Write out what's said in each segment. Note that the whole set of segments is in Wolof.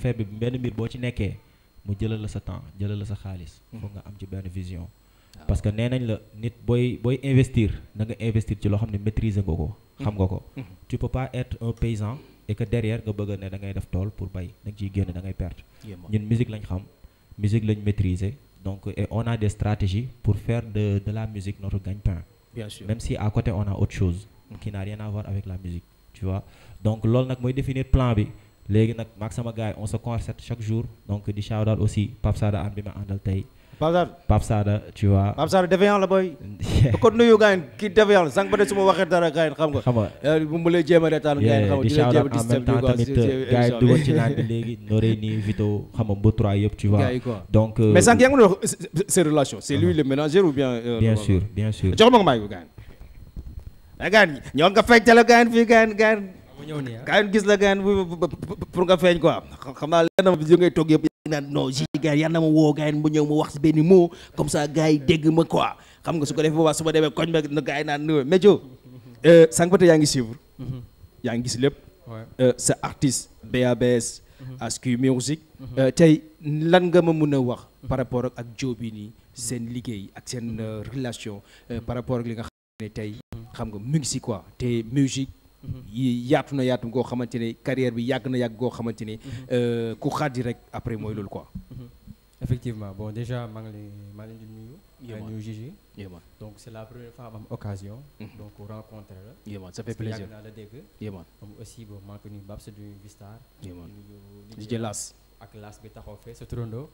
affaire bi benn mbir ci nekkee temps la sa nga am ci vision. parce que nee la nit investir na investir ci maîtriser tu peux pas être un paysan et que derrière tu bëgg ne da ngay pour bay da musique lañ musique donc et on a des stratégies pour faire de la musique notre gagne-pain. même si à côté on a autre chose. Mhm. qui n'a rien à voir avec la musique tu vois donc loolu définir plan léegi nak maag sama gaay on se concerte chaque jour donc di shout out aussi pap Sada an bima andal tay pap Sada pap Sada tu vois. pap Sada déviant la boy kon nuyu gars yi kii déviant la sànq ba de suma waxe dara gars yi xam nga. xam nga eh, mu lay jéem a retaan gars xam nga di shout out en même temps tamit euh, gaay du dugal ci naan bi léegi Noré ni Vito xam nga Mbour 3 yëpp tu vois. donc euh, mais sang yaa ngi doon relations c'est lui uh-huh. le ménager ou bien. Euh, bien sûr bien sûr jox ma ko maa ngi ko gars yi. gars yi ñoo nga fay tele gars yi fii gars mu ñëw nii ah gis la gaañ pour nga feeñ quoi xam naa lenn moom ngay toog yëpp. naan non ji gars woo gars yi mu ñëw mu wax si benn mot comme ça gars yi dégg ma quoi xam nga su ko defee boobaa su ma demee koñ ma gars yi naan nuyoo météo. ba tey yaa ngi suivre. Mhm. yaa ngi gis lépp. Euh, sa artiste BABS. Asku mhm. Music. Mhm. Euh, tey lan nga ma mën a wax. par rapport ak Joe bi nii seen liggéey ak seen euh, relation. par rapport ak li nga xam ne tey. xam nga mu ngi si quoi te musique. yaatu na yaatu goo xamante carrière bi yag na yag go xamanteni euh ku xadi rek après moy loolu quoi effectivement bon déjà mang ngi lay maa di nuyu nuyu Gigi donc c'est la première fois am occasion mhm. donc rencontre la yéeman ça fait plaisir yàgg naa la dégg yéeman am aussi bon maa ni nuyu Babs du Vistar yéeman di nuyu ak Las bi taxaw fe ce trondo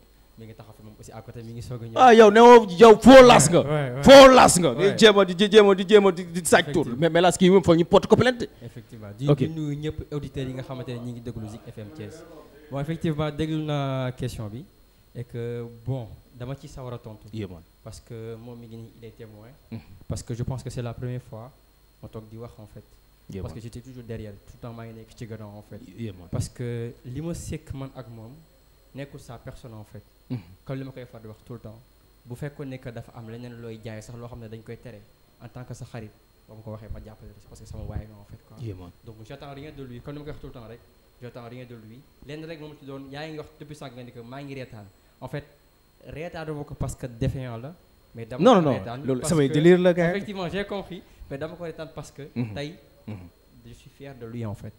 mi taxaw fi aussi à côté mi ngi ah yow ne yow foo las nga. foo las nga. di jéem a di jéem a di jéem a di sàcc tur. mais mais las kii moom foog ñu porte ko plainte. effectivement di di nuyu ñëpp auditeurs yi nga xamante ne ñu ngi déglu Zik FM Thiès. bon effectivement déglu na question bi et que bon dama ci sawar a tontu. parce que moom mi ngi nii il est témoin. Mm-hmm. parce que je pense que c'est la première fois ma toog di wax en fait. parce que j'étais toujours derrière tout le temps maa ngi nekk ci gannaaw en fait. parce que li ma sekk man ak moom nekkul sa personne en fait comme li ma koy far wax tout le temps bu fekkoon ne que dafa am leneen looy jaay sax loo xam ne dañ koy tere en tant que sa xarit ba ma ko waxee ma jàppale parce que sama waaye nga en fait quoi donc attends rien de lui comme li ma koy wax tout le temps rek j'attends rien de lui lenn rek moom ci doon yaa ngi wax depuis sànq nga ni que maa ngi reetaan en fait reetaan ma ko parce que défiant la mais dama non non non loolu samay délire la gars effectivement j'ai compris mais dama ko reetaan parce que mhm. tey mhm je suis fier de lui en fait.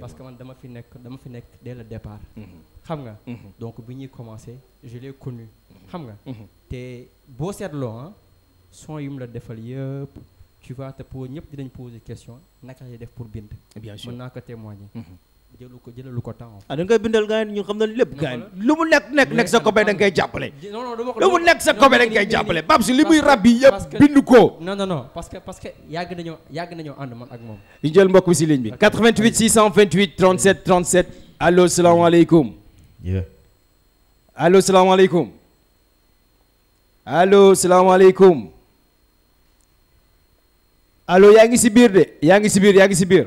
parce que man dama fi nekk dama fi nekk dès le départ. Mhm. xam nga. Mhm. donc bi ñuy commencé je l'ai connu. Mhm. xam nga. te boo seetloo ah son yu mu la defal yëpp tu vois te pour ñëpp dinañ poser question naka lay def pour bind. on sûr mën naa ko jëlu ko jëlalu ko temps ah da ngay bindal gaa yi ñu xam na lépp gaa yi lu mu nekk nekk nekk sa copain da nga koy jàppale lu mu nekk sa copain da nga koy jàppale bab si li muy rab yi yëpp bind ko non non non parce que parce que yàgg nañoo ànd man ak moom ñu jël mbokk bi si ligne bi 88 628 37 37 allo salaamaaleykum allo salaamaaleykum allo yaa ngi si biir de yaa ngi si biir yaa ngi si biir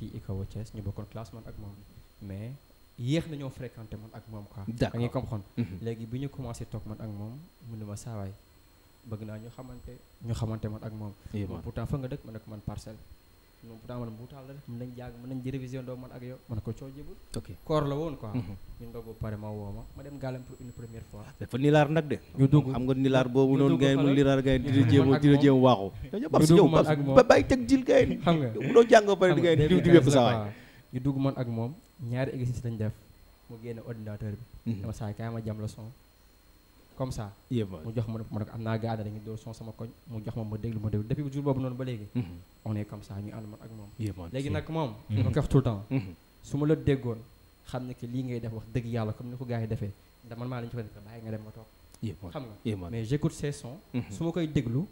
fii ICAO Thiès ñu bokkoon classe man ak moom mais yéex nañoo fréquenté man ak moom quoi. da ngay comprendre. Mhm. léegi bi ñu commencé toog man ak moom mu ne ma saawaay bëgg naa ñu xamante ñu xamante man ak moom. pourtant fa nga dëkk ma ne ko man parcelle. moom pourtant man mbuutaal la def mën nañ jàng mën nañ di révision doo man ak yow man ko coo jëbul ok koor la woon quoi mhm. ñu ndogu pare ma woo ma dem gàllam pour une première fois ah, dafa nilaar nag de ñu dugg xam nga nilaar boobu noonu ngay mu nilaar ngay dina jéem dina jéem waaxu dañu bas yow ba bàyyi teg jil ngay ni xam nga munoo pare di ngay ni diw di wépp sa waay ñu dugg man ak moom ñaari exercice lañ def mu génne ordinateur bi mhm. dama saay kaay ma jam la son comme ça mu jox ma ma ne ko am naa gaa ne dañuy dóor son sama koñ mu jox ma ma déglu ma déglu depuis jour boobu noonu ba léegi mm-hmm. on est comme ça ñu ànd man ak moom léegi nag moom ñu mm-hmm. ko wax tout le temps mm-hmm. su ma la déggoon xam ne que lii ngay def wax dëgg yàlla comme ni ko gars yi defee da man maa lañ ci fa def bàyyi nga dem nga toog xam nga mais j'écoute ses sons su ma koy déglu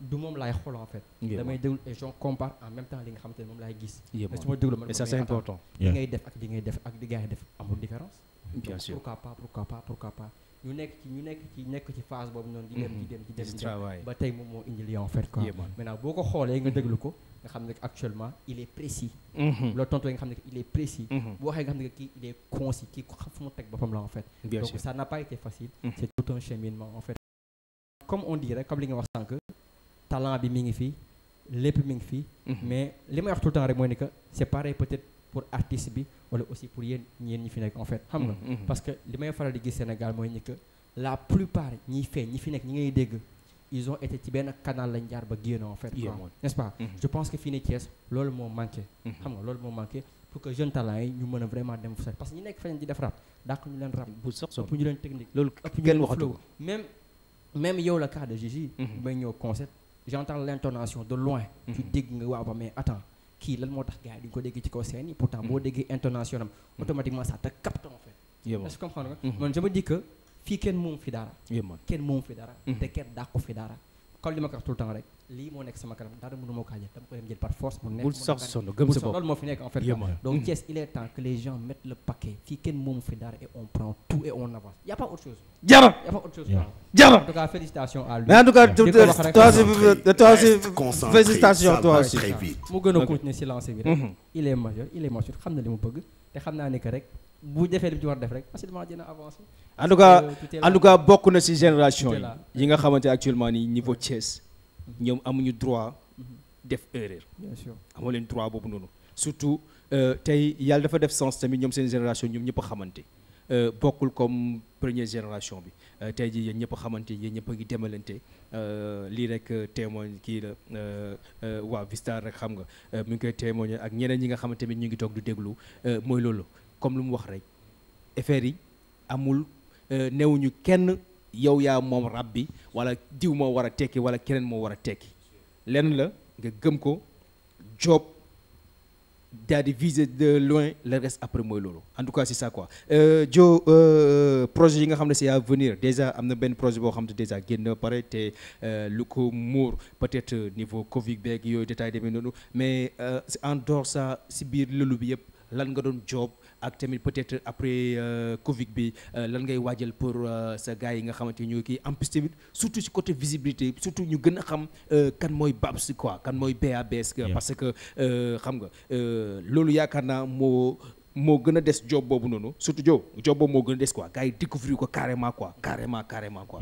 du moom laay xool en fait. damay déglu et j'en compare en même temps li nga xamante ne moom laay gis. mais su ma déglu man ça c'est important. li ngay def ak li ngay def ak li gars yi def amul différence. bien sûr pourquoi pas pourquoi pas pourquoi pas ñu nekk ci ñu nekk ci nekk ci phase boobu noonu. di dem di mm-hmm. dem di dem ba tey moom moo indi lii en fait quoi. maintenant boo ko xoolee nga déglu ko nga xam ne actuellement il est précis. Mm-hmm. loolu tontu nga xam ne il est précis. Mm-hmm. boo waxee nga xam ne kii il est concis kii xam fu mu teg boppam la en fait. donc ça n'a pas été facile. c'est tout un cheminement en fait. comme on dit rek comme li nga wax sànq talent bi mi ngi fi lépp mi ngi fi. mais li may wax tout le temps rek mooy ni que c'est pareil peut-être pour artiste bi wala aussi pour yéen ñeen ñi fi nek en fait xam nga mhm. parce que li may faral di gis Sénégal moy ni que la plupart ñi fait ñi fi nek ñi ngay dégg ils ont été ci ben canal la jaar ba en fait n'est-ce pas mhm. je pense que fini ties lool mo moo manqué mhm. xam nga lool mo manqué pour que jeune talent yi ñu vraiment dem fu parce que ñi nek feneen di def rap dak ñu leen rap bu sax pour ñu leen technique lool ëpp ñu même même yow la cas de Gigi may ñëw concept j'entends l'intonation de loin tu dégg nga waaw mais attends kii lan moo tax gars yi duñ ko dégg ci kaw scène yi pourtant boo mm-hmm. déggee intonation am mm-hmm. automatiquement ça te capte en fait est-ce que comprendre nga mm-hmm. man je me fii kenn moom fi dara kenn moom fi dara te kenn dàqu fi dara comme li ma ko wax tout temps rek li mo nek sama kanam dara mënu ma ko xaajal dama ko dem jël par force mu nekk bul sax sonn gëm sa bopp loolu moo fi nek en fait donc ties il est temps que les gens mettent le paquet fi ken mom fi dara et on prend tout et on avance il y a pas autre chose il y a pas autre chose jaba en tout cas félicitations à lui mais en tout cas toi aussi félicitations toi aussi mu gën a continuer si lancer bi rek mm-hmm. il est majeur il est majeur xamna li mu bëgg te xamna ni que rek bu defee li ci war def rek facilement dina avancer. en tout cas euh, en tout cas bokk na ci génération yi. nga xamante actuellement nii niveau Thiès. ñoom amuñu droit mhm. def erreur. bien sûr amoo leen droit boobu noonu. surtout euh, tey yàlla dafa def sens tamit ñoom seen génération ñoom ñëpp a xamante. Euh, bokkul comme première génération bi tey jii yéen ñëpp a xamante yéen ñëpp a ngi demalante lii rek témoigne kii la waa Vista rek xam nga mu ngi koy témoigner ak ñeneen ñi nga xamante ni ñu ngi toog du déglu mooy loolu comme lu wax rek affaire yi amul euh, newuñu kenn yow yaa moom rabbi wala diw moo war a tekki wala keneen moo war a tekki la nga gëm ko job daal di de loin l'adresse après mooy loolu en tout cas c'est ça quoi euh, jo euh, projet yi nga xam c'est à venir déjà am ben benn projet boo xam déjà génn pare te lu ko muur peut-être niveau Covid beeg yooyu détail demee noonu mais en dehors ça si biir lëlu bi yëpp lan nga doon job ak tamit peut-être après euh, Covid bi euh, lan ngay waajal pour euh, sa gars yi nga xamante ñu kii en plus tamit surtout si côté visibilité surtout ñu gën a xam kan mooy Babs quoi kan mooy BABS parce que xam nga loolu yaakaar naa moo moo gën a des job boobu noonu surtout job job boobu moo gën a des quoi gars yi découvrir ko carrément quoi carrément carrément quoi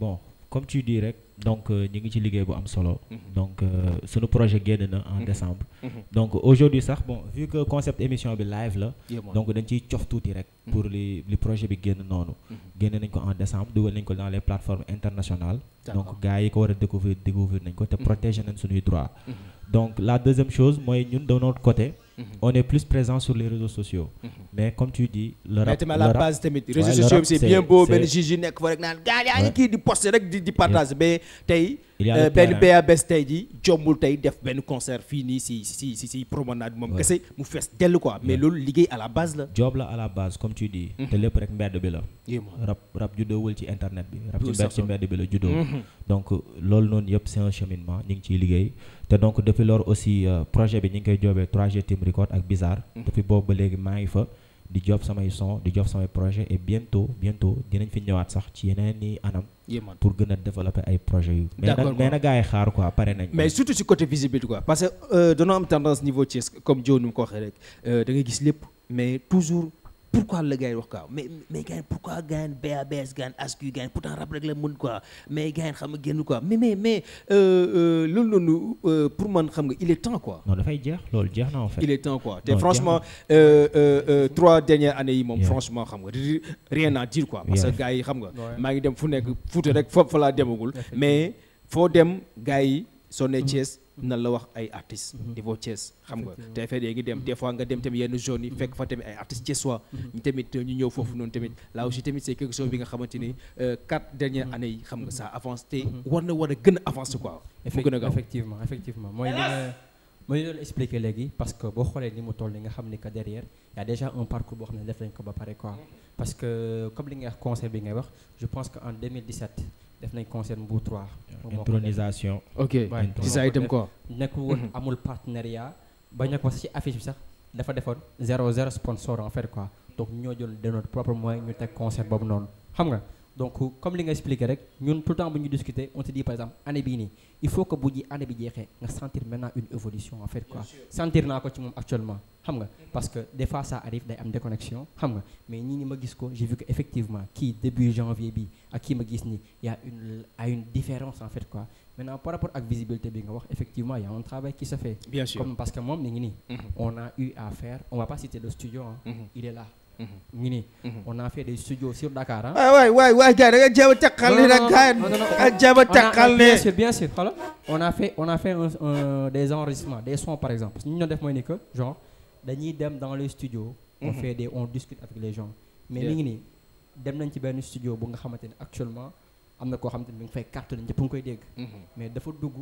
bon comme tu dis rek donc euh, ñu ngi ci liggéey bu am solo. Mm-hmm. donc euh, sunu projet guen na en mm-hmm. décembre. Mm-hmm. donc aujourd'hui sax bon vu que concept émission bi live la. donc dañ ci cof touti rek. pour li li projet bi guen noonu. guen nañ ko en décembre dugal nañ ko dans les plateformes internationales. donc gaay yi ko wara découvrir découvrir nañ ko te protéger nañ suñu droit donc la deuxième chose moy ñun de notre côté. Mm-hmm. on est plus présent sur les réseaux sociaux. Mm-hmm. mais comme tu dis. le rap mais la base les réseaux sociaux c'est bien beau Ben, Gigi Nek, fa rek naan gars yaa ngi kii di posté rek di di partage mais tey. Euh, benn BABS tey ji jombul tey def benn concert fini, si si si si promenade moom kese mu fees quoi mais le liggéey à la base là. job la à la base comme tu dis. Mm-hmm. te lépp rek mbedd bi la. rap rap juddoowul ci internet bi. rap ci mbedd bi la juddoo. donc loolu noonu yëpp c'est un cheminement ñu ngi ciy liggéey te donc depuis lors aussi euh, projet bi ñu koy jobé 3G Team Record ak Bizarre. Mhm. depuis boobu ba légui maa ngi fa di job sama son di job sama projet et bientôt bientôt dinañ fi ñëwaat sax ci yeneen ni anam. pour gëna développer ay projet yu. mais nag mais nag gars xaar quoi paré nañ. mais surtout ci côté visibilité quoi parce que euh dañoo am tendance niveau Thiès comme Joe nu ko waxee rek euh da ngay gis lépp mais toujours pourquoi le gars yi wax quoi mais mais gars pourquoi gars yi BABS gars yi gagne. gars pourtant rap rek la quoi mais gars xam nga quoi mais mais mais euh, euh, loolu noonu euh, pour man xam nga il est temps quoi. non fay jeex lolu jeex na en fait. il est temps quoi te franchement trois dernières années yi moom franchement xam nga rien à dire quoi. parce que gars yi xam nga. maa ngi dem fu nek foot, rek foofu fa la demagul. mais foo dem gars yi soo nee mhm. Thiès nan la wax ay artistes. niveau mhm. Thiès xam nga fait fee léegi dem mhm. des fois nga dem tamit yenn zones yi fekk fa tamit ay artistes thiessois. ñu tamit ñu ñëw fofu noonu tamit là aussi tamit c'est quelque chose bi nga xamante ni euh, quatre dernières années yi xam nga ça avance te war na war a gën a avancer quoi. mu gën a gaaw effectivement effectivement mooy li nga mooy li expliqué léegi parce que boo xoolee ni mu toll nga xam que derrière y a déjà un parcours boo xam ne def nañ ko ba pare quoi parce que comme li nga wax conseil bi ngay wax je pense que en 2017 def nañ concert Mbour 3. intronisation ok ci sa itam quoi nekkul woon mhm. amul partenariat bañ a ko ci affiche bi sax dafa defoon 00 sponsor en fait quoi donc ñoo jël de notre propre moyen ñu tek concert bobu non xam nga donc comme l'a expliqué rek nous tout le temps que nous discuter on te dit par exemple il faut que vous ji sentir maintenant une évolution en fait quoi sentir actuellement parce que des fois ça arrive il y a des nga mais ni j'ai vu qu'effectivement effectivement début janvier bi y a une une différence en fait quoi maintenant par rapport à la visibilité effectivement, il y a un travail qui se fait bien sûr parce que moi, mhm. on a eu à faire on va pas citer le studio hein. mhm. il est là ɲini mhm. on a fait des studios sur Dakar hein ah, ouais ouais ouais gars da nga jéem a takkale rek gars nga jéem a takkale ah, bien sûr bien sûr on a fait on a fait des enregistrements des sons par exemple ñu ñoo def mooy ni que genre dañuy dem dans le studio on mhm. fait des on discute avec les gens mais mi ngi nii dem nañ ci benn studio bu nga xamante ne actuellement am na koo xamante ne mi ngi fay carte la ñëpp nga koy dégg mhm. mais dafa dugg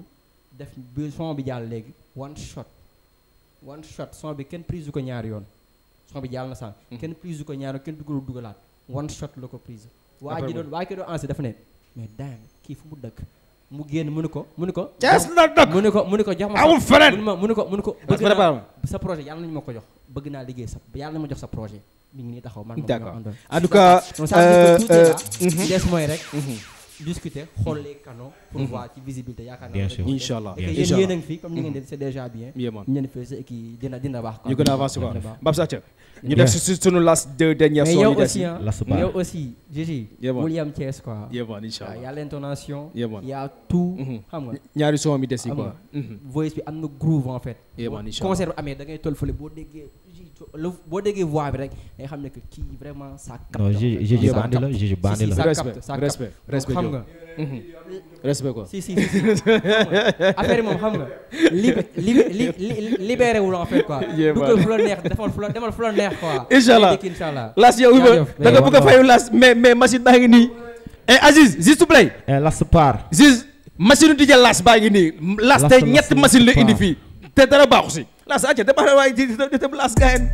def bi son bi jàll léegi one shot one shot son bi kenn prise du ko ñaari yoon suma bi jaal na sànq hmm. kenn prise du ko ñaaral kenn dugalul dugalaat one shot la ko prise waa ji doon waa ki doon dafa ne mais daan kii fu mu dëkk mu génn mu ne ko mu ne ko. caas na dëkk mu ne ko mu ne ko jox ma ko amul feneen mu ne ma mu ne ko mu ne ko. bëgg naa sa projet yàlla nañ ma ko jox bëgg naa liggéey sa yàlla nañ ma jox sa projet mi ngi nii taxaw man. d' accord en tout cas. saa su ko euh, tuutee euh, mhm. rek. Mhm. discuter mm-hmm. xool les canaux pour mm-hmm. voir ci visibilité yaakaar naa incha allah yéen yéen a ngi fi comme ni ngeen di c'est déjà bien ñu ne fii kii dina dina baax quoi ñu gën a avancer quoi Bab Sathié ñu def su suñu las deux dernières mais yow aussi hein. yow aussi Gigi William yem Thiès quoi yeboon incha allah y'a y' a tout mm-hmm. xam nga ñaari son mi des yi quoi voice bi am na groove en fait concert amee da ngay toll fële boo déggee boo déggee voix bi rek ngay xam que kii vraiment ça capte. non Gégé bandi la Gégé bandi la. respect respect respect xam nga. Mhm. respect quoi. si si si affaire yi moom xam nga li li li libéré wu la en fait quoi. dugal fu la neex defal fu la demal fu neex quoi. inshallah allah incha allah las yow da nga bëgg fayu las mais mais machine baa ngi nii. eh Aziz s'il te plaît. Eh, las par. Ziz machine di jël las baa ngi nii. las té ñetti machine la indi fi te dara baaxu si las acca te baxal waaye di te las gayen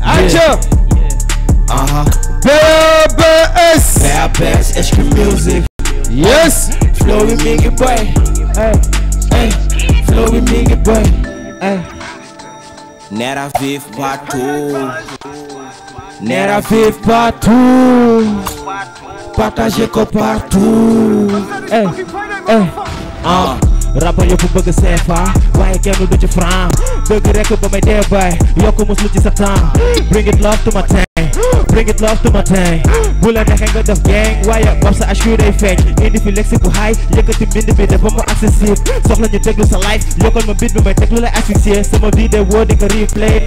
acca BABS. BABS, extra music. Yes. Flow with me, boy. Hey. Hey. Flow with me, boy. Hey. Nera Viv patu. Nera Viv patu. Partagez com partout. Hey. Hey. Ah. Uh. rappeur yëpp bëgg CFA waaye kenn du ci franc dëgg rek ba may dee baay yokk muslu sa temps bring it love to my time bring it love to my time bu la neexee def gang waaye moom sa assure day indi fi lexi bu high yëkkati mbind bi dafa mu accessible soxla ñu déglu sa life yokkal ma bit bi may teg lu lay asphyxier sama vidéo woo di ko replay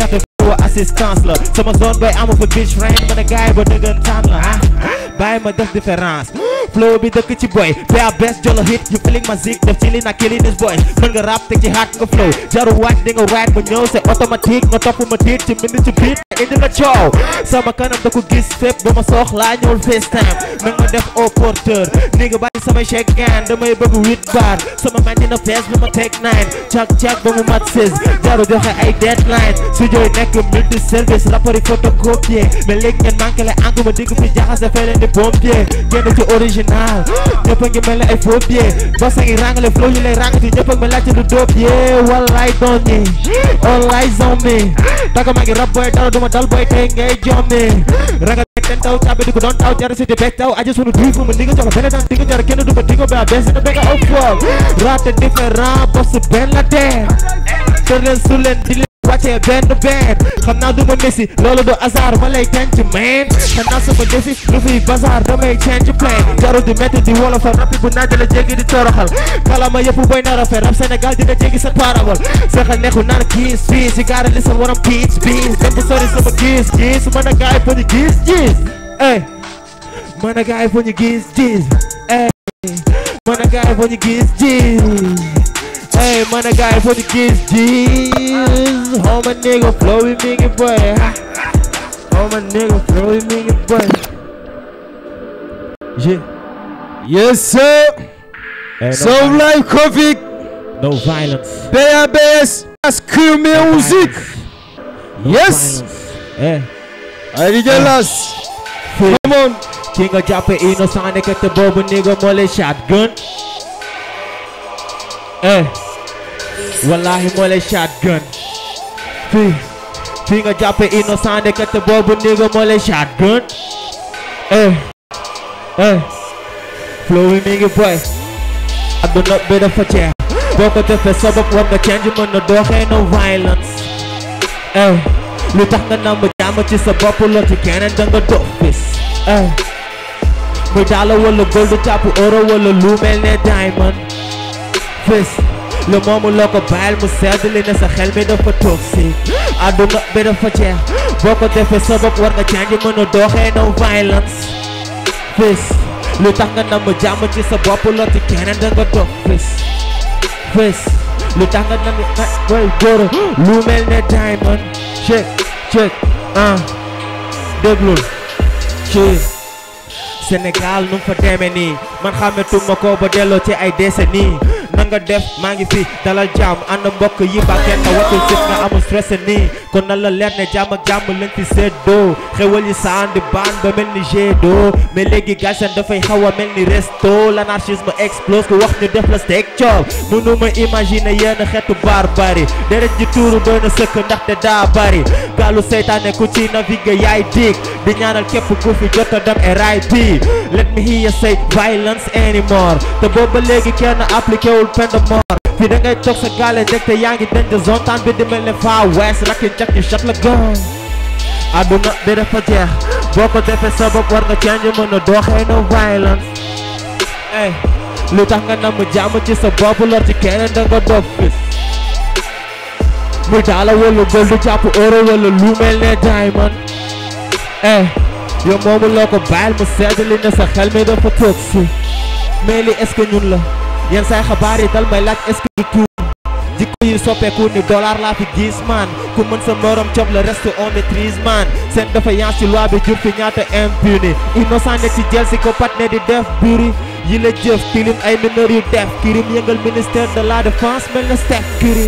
zone bay amu fa beach friend mën a gaay ba dëggantaan la ah ma def différence Flow be the kitchen boy our best jolo hit You feeling my zig Def chilling I killing this boy Mën nga rap take ci hard nga flow jaru waaj di nga waaj ma Automatic, no automatique nga my teeth. tiit ci mbind ci biit indi nga coow can kanam da ko gis fépp ba ma soxlaa ñëwul FaceTime nag ma def au Nigga buy nga bàyyi I check gaan damay bëgg with bar sama man the face, ba ma take nine chuck, cak ba mu mat says? jaru joxe high deadline su jooy nekk the service rapport yi photocopier mais léegi ngeen manqué dig up ma digg fi jaxase in the di pompier génn ci origine original ñëpp a ngi mel ne ay faux pieds bas a ngi ràngale flow yi lay ràngati ñëpp a ngi mel laajte du dóob yee wallaay doon ñi wallaay zombie daga maa ngi rab booy dara duma dal booy tey ngay jommi ragal ten taw caabi di ko doon taw jara si di beg taw aja sunu duy fu mu ndiga jolo benn daan dinga jara kenn du ko dinga ba benn seen bega au oh, fool raate différent boss benn la teer tërleen su leen wàccee benn benn xam naa du ma messi loolu du hasard ma lay tenc man xam naa sama defi lu fiy bazar damay change plan jaru di métti di wolofal rappi bu naaj la jéggi di toroxal kalama yëpp boy na rafet rap Sénégal dina jéggi sa parawal sa waram piis piis dem di sori sama gis a gaay fa ñu gis gis ey mën a gis gis ey mën a gaay fa gis gis Hey, man, I got it for the kids, jeez. Oh, my nigga, flow with me, boy. Oh, my nigga, flow with me, boy. Yeah. Yes, sir. Hey, no so life coffee. No violence. BABS. Das Kümmel music. No yes. I Hey. Hey, Gellas. Come on. King of Japan, Eno Sonic at the Bobo Nigga Molly Shotgun. Eh, Wallahi mole shotgun. Fi. Finger dropping innocent, they cut the bubble nigga mole shotgun. Eh, eh, Flowing nigga boy. I do not better for chair. Woke up the first suburb from the change man, no dog ain't no violence. Hey. Eh. Lu tax nga namb jàmm ci sa bopp loo ci keneen da nga dox bis ay eh. muy daala wala gold jàpp euro wala lu mel ne diamond fës le moomu loo ko bàyyil mu sedd li ne sa xel mi dafa toxique àdduna bi dafa jeex boo ko defee sa war nga change mën a doxee no violence fës lu tax nga namm jàmm ci sa bopp loo ci keneen nga dox fës lu tax nga namm na way lu mel ne diamond ci ah. Sénégal nu mu fa demee nii man xàmmetuma ko ba delloo ci ay décennies na nga def maa ngi fi dalal jàmm ànd mbokk yi ba kenn nga watul sit nga amul stress nii كنا لالنا جام جام لنتي سدو خولي ساند بان بملني جيدو ملغي غاش دافاي خوا ملني ريستو لانارشيزم اكسبلوز كو وقت ديف لا ستيك تشوب منو ما ايماجينا يانا خيتو بارباري ديرت جي تورو دون سك ندخ دا باري قالو سيطان كوتي نافيغا ياي ديك دي نانال كيف كوفي جوتا دم اي راي بي let me hear you say violence anymore the bubble legi can apply ke fii da ngay toog sa gaale ndekte yaa ngi denc zone tan bi di mel ne faa wees rakki jakki chat la gën àdduna bi dafa jeex boo ko defee sa war nga change mën a dooxee no violence lu tax nga namm jàmm ci sa bopp lor ci keneen da nga fis muy daala wala gold du jàpp euro wala lu mel ne diamond ey yow moomu loo ko bàyyil mu seetali ne sa xel mi dafa toog si mais li est-ce que la yenn saay xabaar yi dal may laaj est-ce que du tuum jikko yi soppeeku ni dollar laa fi gis man ku mën sa morom cob le reste on maîtrise man seen défaillance ci loi bi jur fi ñaata impuni innocent ne ci jël si ko pat ne di def buri yi la jëf tilim ay mineur yu def kirim yëngal ministère de la défense mel na Steph Curry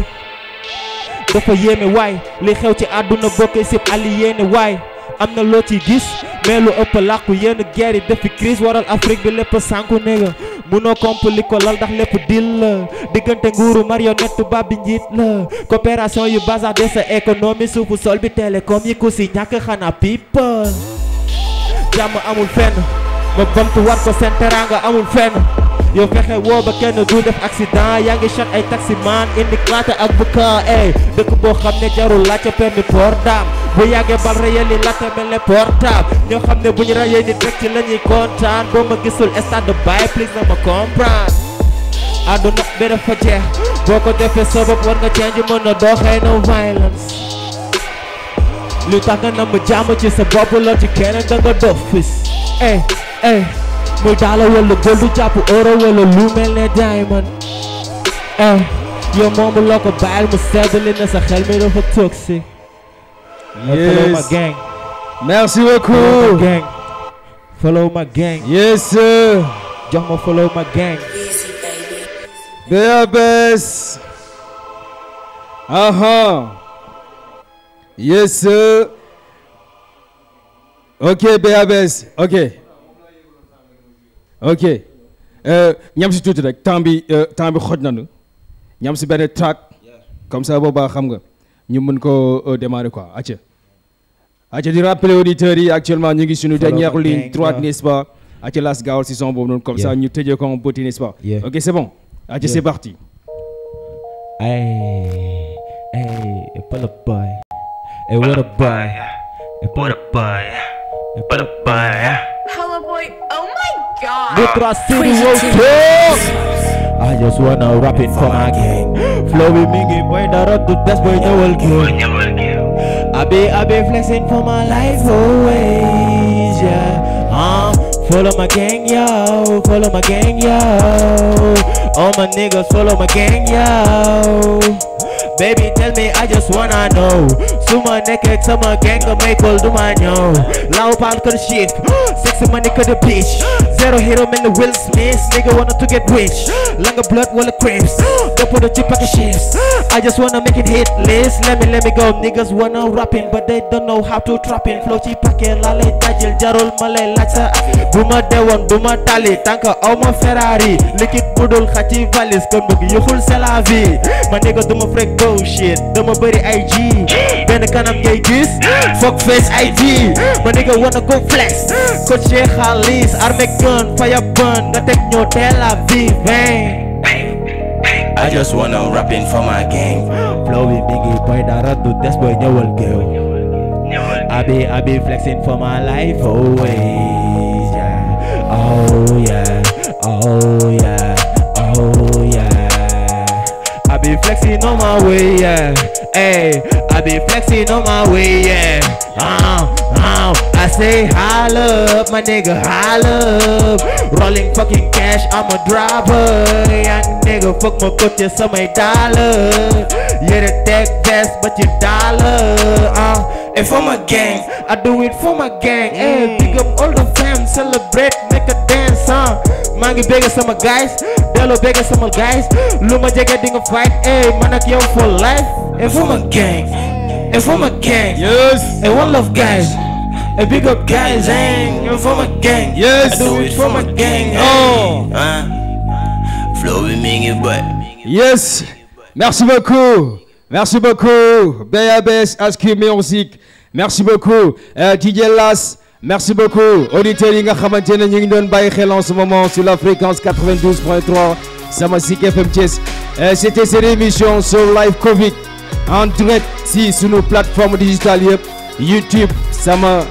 dafa yéeme waay li xew ci àdduna bokkee sib ali waay am na loo ciy gis mais lu ëpp làqu yenn guerre yi def fi waral Afrique bi lépp sànku néega munoo compli ko lal ndax lépp dil la diggante nguuru marionnette tubaab bi njiit la coopération yu bazardé sa économie suufu sol bi télécom yi ku si ñàkk xanaa piip jàmm amul fenn ma bamtu war ko seen teraanga amul fenn Yo krijgen wel bekende doel of actie daar. Jij is een taxi man in de klate uit elkaar. Ey, de kubok gaat net jaren laatje per me portaam. Bij jij geen bal rijden in laatje met een portaam. Nu gaan de boeien rijden in de trek in een je kontaan. Bom me gissel, is eh, dat de bij, please nou me compraan. I do not bid a for jay. Boko de fe sobo pour nga change mo no do hay no violence. Lutaka na mo jamo chi sa bubble lo chi kenan dango do fist. Ey, eh, ey. Eh. muy daala wala goldu jàpp euro wala lu melne diamond eh yo moomu loo ko bàyyil mu seddali na sa xel mi dafa toxique yes my gang merci beaucoup gang follow my gang yes sir jox ma follow my gang BABS aha uh-huh. yes sir ok BABS ok ok euh, ñam ci tuuti rek temps bi euh, temps bi xoj nañu ñam ci track comme ça boobaa xam nga ñu mën ko euh, démarrer quoi acca acca di rappeler auditeurs yi actuellement ñu ngi suñu dernière ligne droite n'est-ce pas acca las gaawal saison comme ça ñu tëjee ko en beauté n'est-ce pas ok c'est bon acca c'est parti ay ay pala boy ay what a boy pala boy boy I just wanna rap it for my gang Flow with me game boy the road to test boy no will kill I be I be flexing for my life always yeah um, Follow my gang yo, follow my gang yo All my niggas follow my gang yo Baby, tell me, I just wanna know. Suma naked, summer ganga, make all do my know. Low palm could shit, sexy money could the bitch. Zero hero, man, the Will Smith. Nigga want to get rich. Longer blood, wall of crips. Don't put a chip on the shifts. I just wanna make it hit list. Let me, let me go. Niggas wanna rapping, but they don't know how to trap in. Floaty packing, lale, tajil, jarol, malay, lacha. Buma dewan, buma tali. Tanka, oma Ferrari. Lick it, budul, khachi, valis. Kon bugi, yukhul, c'est la vie. My freak, bullshit. my buddy IG. Ben kan op jij dus? Fuck face ID. My nigga wanna go flex. Coach je galis. Arme gun, fire bun. Dat ik nyo Tel Aviv. Hey. Eh? I just wanna rap in for my gang. Blowing biggie boy, that I do this boy, no one girl. I be, I be flexing for my life always, yeah. Oh yeah, oh yeah. flexing on my way, yeah. Hey, I be flexing on my way, yeah. Uh, uh, I say holla up, my nigga, holla up. Rolling fucking cash, I'm a driver. Young nigga, fuck my coach, so my dollar. You're the tech best, but you dollar. Uh, and for my gang. I do it for my gang. Hey, eh? mm. pick up all the fam, celebrate, make a dance, huh? Mangi bigger some guys, Dello bigger some guys. Luma jacket ding a fight, hey, eh? man for life. And for my gang, and for my gang. Yes. And one love guys. A big up guys, hey, eh? and for my gang. Yes. I do it for my gang. Oh. Hein? Flow me, but. Yes. Merci beaucoup. Merci beaucoup. BABS, ASQ Music. Merci beaucoup. Euh, Didier Las. Merci beaucoup. Auditeurs, nous avons en ce moment sur la fréquence 92.3. Samasik FM C'était cette émission sur Live Covid. En direct, si sur nos plateformes digitales, YouTube, Sama.